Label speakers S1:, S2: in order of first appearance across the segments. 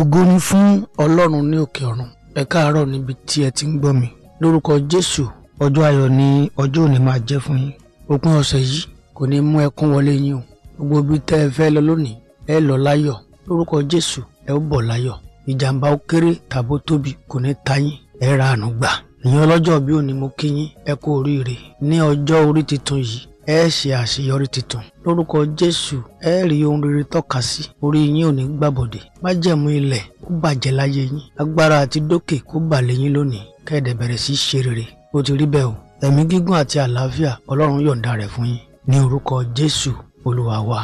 S1: ògo ni fún ọlọ́run ní òkè ọ̀run ẹ káàárọ̀ níbi tí ẹ ti ń gbọ́ mi lórúkọ jésù ọjọ́ ayọ̀ ni ọjọ́ òní máa jẹ́ fún yín òpin ọ̀sẹ̀ yìí kò ní mú ẹkún wọlé yín o gbogbo ibi tẹ́ ẹ fẹ́ lọ lónìí ẹ lọ láyọ̀ lórúkọ jésù ẹ ó bọ̀ láyọ̀ ìjàmbá ó kéré tàbó tóbi kò ní ta yín ẹ ra àánú gbà ìyẹn ọlọ́jọ́ bí òní mo kí yín ẹ kú oríire ní ọjọ́ orí titun yìí ẹ ṣe àṣeyọrí titun lórúkọ jésù ẹ rí ohun rere tọ́ka sí orí yín ò ní gbàbọ̀dé májẹ̀mú ilẹ̀ ó bàjẹ́ láyé yín agbára àti dókè kó bà lé yín lónìí kẹ́ẹ̀dẹ̀ bẹ̀rẹ̀ sí ṣe rere ó ti rí bẹ́ẹ̀ o ẹ̀mí gígùn àti àlàáfíà ọlọ́run yọ̀ǹda rẹ̀ fún yín ní orúkọ jésù olúwa wa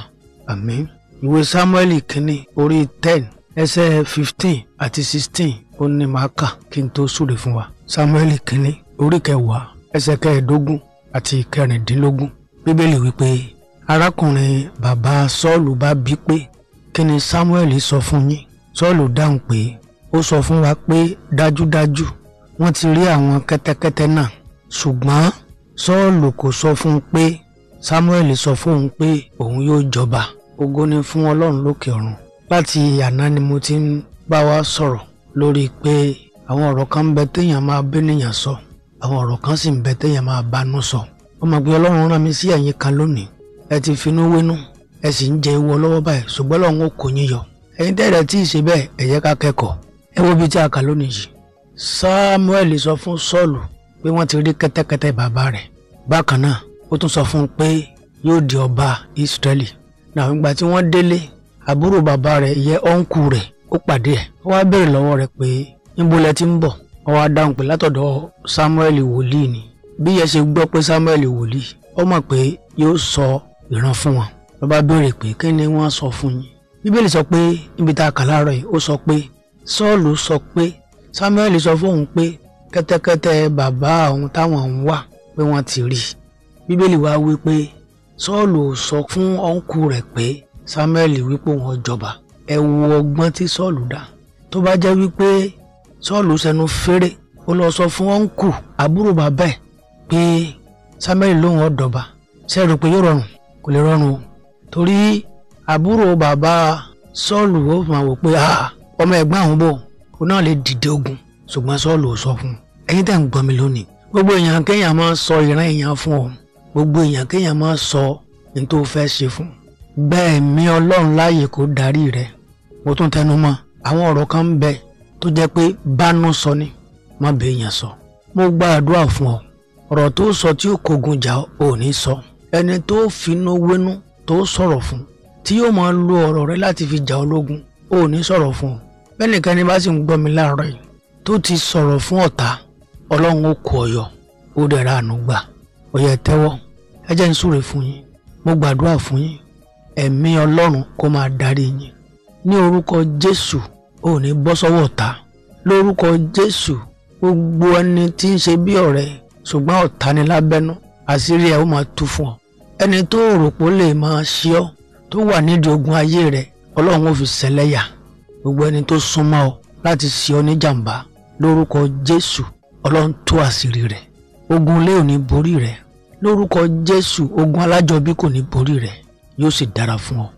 S1: ìwé sámúẹ́lì kínní orí ten ẹsẹ̀ fifteen àti sixteen ó ní máa kà kí n tó súre fún wa sámúẹ́lì kínní orí kẹwàá ẹsẹ̀ kẹẹ̀ẹ́dógún àti kẹrìndínlógún bíbélì wípé arákùnrin bàbá sọ́ọ̀lù bá bí pé kí ni samuel sọ fún yín sọ́ọ̀lù dáhùn pé ó sọ fún wa pé dájúdájú wọ́n ti rí àwọn kẹ́tẹ́kẹ́tẹ́ náà ṣùgbọ́n sọ́ọ̀lù kò sọ fún un pé samuel sọ fún òun pé òun yóò jọba ògo ni fún ọlọ́run lókè ọ̀run láti àná ni mo ti ń bá wa sọ̀rọ̀ lórí pé àwọn ọ̀rọ̀ kan ń bẹ téèyàn máa bẹ́nìyàn sọ àwọn ọ̀rọ̀ kan sì ń bẹ téèyàn máa banú sọ ọmọ pé ọlọ́run rán mi sí ẹ̀yin kan lónìí ẹ ti finú wénú ẹ sì ń jẹ ewu ọlọ́wọ́ báyìí ṣùgbọ́n ọlọ́run ó kò yín yọ ẹ̀yin tẹ́lẹ̀ tí ì ṣe bẹ́ẹ̀ ẹ ká kẹ́kọ̀ọ́ ẹ wo bí tí a kà lónìí yìí Samuel sọ fún Sọ́ọ̀lù pé wọ́n ti rí kẹ́tẹ́kẹ́tẹ́ bàbá rẹ̀ bákan náà ó tún sọ fún un pé yóò di ọba Israẹli náà ìgbà tí wọ́n délé àbúrò bàbá rẹ̀ ìyẹn ọ̀nkù rẹ̀ ó pàdé ẹ̀ ó wá béèrè lọ́wọ́ rẹ̀ pé níbo lẹ ti ń bọ̀ ó wá dáhùn pé látọ̀dọ̀ Samuel wòlíì ni bí yẹn ṣe gbọ́ pé Samuel wòlíì ó mọ̀ pé yóò sọ ìran fún wọn ló bá béèrè pé kí ni wọ́n sọ fún yín bíbélì sọ pé níbi tá a kà láàárọ̀ yìí ó sọ pé Sọ́ọ̀lù sọ pé Samuel sọ fóun pé kẹ́tẹ́kẹ́tẹ́ bàbá òun táwọn ń wà pé wọ́n ti rí bíbélì wá wí pé Sọ́ọ̀lù sọ fún ọ̀nkù rẹ̀ pé Samuel wípé wọ́n jọba ẹ wo ọgbọ́n tí Sọ́ọ̀lù dá tó bá jẹ́ wípé Sọ́ọ̀lù sẹnu fèrè ó lọ sọ fún ọ̀nkù àbúrò bàbá ẹ̀ pé Samuel lòun ọ̀dọ̀ba ṣe rò pé yóò rọrùn kò lè rọrùn o torí àbúrò bàbá Sọ́ọ̀lù ó máa wò pé ah, ọmọ ẹ̀gbọ́n àwọn bọ̀ òun náà lè dìde ogun ṣùgbọ́n Sọ́ọ̀lù ò sọ fún un ẹ̀yin tẹ̀ ń gbọ́ mi lónìí gbogbo èèyàn kéèyàn máa sọ ìran èèyàn fún ọ gbogbo èèyàn kéèyàn máa sọ ní tó fẹ́ ṣe fún gba ẹ̀mí Ọlọ́run láàyè kó darí rẹ mo tún tẹnu mọ́ àwọn ọ̀rọ̀ kan ń bẹ tó jẹ́ pé bánú sọ ni má bẹ́ẹ̀ yẹn sọ mo gba fún ọ ọ̀rọ̀ tó sọ tí ó kogun jà ò ní sọ ẹni tó finú wénú tó sọ̀rọ̀ fún tí yóò máa lo ọ̀rọ̀ rẹ láti fi jà ológun ò ní sọ̀rọ̀ fún ọ bẹ́ẹ̀nìkanni bá sì ń gbọ́ mi láàárọ̀ yìí tó ti sọ̀rọ̀ fún ọ̀tá ọlọ́run ó kó ọyọ ó dẹ̀ra àánú gbà ó yẹ tẹ́wọ́ ẹ jẹ́ ń súre fún yín mo gbàdúrà fún yín ẹ̀mí ọlọ́run kó máa darí yín ní orúkọ jésù ò ní bọ́ sọ́wọ́ ọ̀tá lórúkọ jésù gbogbo ẹni tí ń ṣe bí ọ̀rẹ́ ṣùgbọ́n ọ̀tá ni lábẹ́nú àṣírí ẹ̀ ó máa tú fún ọ ẹni tó rò pé ó lè máa ṣe ọ tó wà nídìí ogun ayé rẹ ọlọ́run ò fi ṣẹlẹ́yà gbogbo ẹni tó súnmọ́ ọ láti ṣe ọ ní jàǹbá lórúkọ jésù ọlọ́run tú àṣírí rẹ ogun ilé ò ní borí rẹ lórúkọ jésù ogun alájọbí kò ní borí rẹ yóò sì dára fún ọ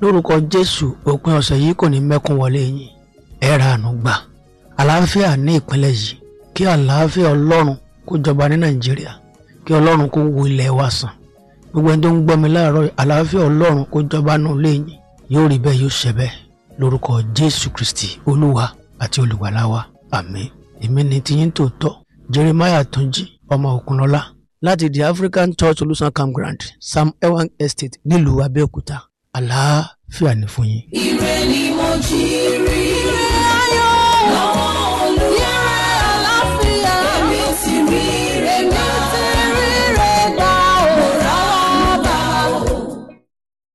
S1: lórúkọ jésù òpin ọ̀sẹ̀ yìí kò ní mẹ́kún wọlé yín ẹ ra àánú gbà àlàáfíà ní ìpínlẹ̀ yìí kí àlàáfíà ọlọ́run kó jọba ní nàìjíríà kí ọlọ́run kó wo ilẹ̀ wa sàn gbogbo ẹni tó ń gbọ́ mi láàárọ̀ àlàáfíà ọlọ́run kó jọba nù léyìn yóò rí bẹ́ẹ̀ yóò ṣẹ bẹ́ẹ̀ lórúkọ jésù kristi olúwa àti olùgbàlà wa èmi ni tiyín tòótọ́ jeremiah túnjí ọmọ òkunlọ́lá láti the african church olùsàn campground sam ewan estate nílùú abẹ́òkúta àlàáfíà ni fún yín. ire ni mo jí rí.